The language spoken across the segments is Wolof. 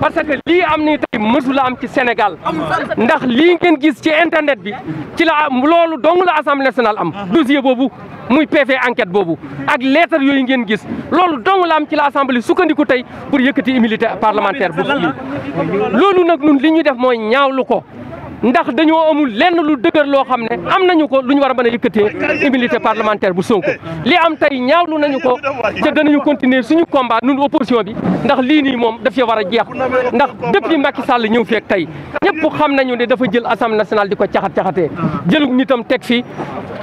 parce que lii am ni tey mësula am ci Sénégal ndax lii ngeen gis ci internet bi ci la loolu dong la assamble nationale am dossier boobu muy PV enquête boobu ak leetar yooyu ngeen gis loolu dong la am ci la assemblée sukkandiku tey pour yëkkati immunité parlementaire bu lii loolu nag ñun li ñu def mooy ñaawlu ko ndax dañoo amul lenn lu dëgër loo xam ne am nañu ko lu ñu war a mën a yëkkatee immunité parlementaire bu Sonko li am tey ñaawlu nañu ko te danañu continuer suñu combat nun opposition bi ndax lii nii moom daf war a jeex ndax depuis Macky Sall ñëw feek tey ñëpp xam nañu ne dafa jël assemblée nationale di ko caxat caxatee jëlug nitam teg fi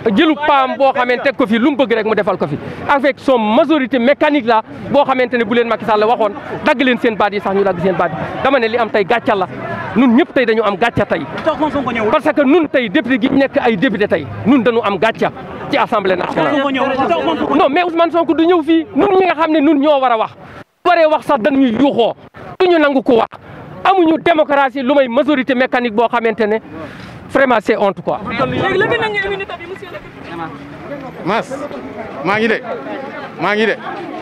jëlu paam boo xamee teg ko fi lu mu bëgg rek mu defal ko fi avec son majorité mécanique la boo xamante ne bu leen Macky Sall waxoon dagg leen seen yi sax ñu dagg seen baat yi dama ne tey gàccal la nun ñëpp tey dañu am gàcca tey parce que nun tey député gi nekk ay député tey nun dañu am gàcca ci assemblée nationale non mais Ousmane Sonko du ñëw fii nun ñi nga xam ne nun ñoo war a wax waree wax sax dañuy yuuxoo duñu nangu ko wax amuñu démocratie lu may majorité mécanique boo xamante ne vraiment c'est honte quoi mas maa ngi de maa ngi de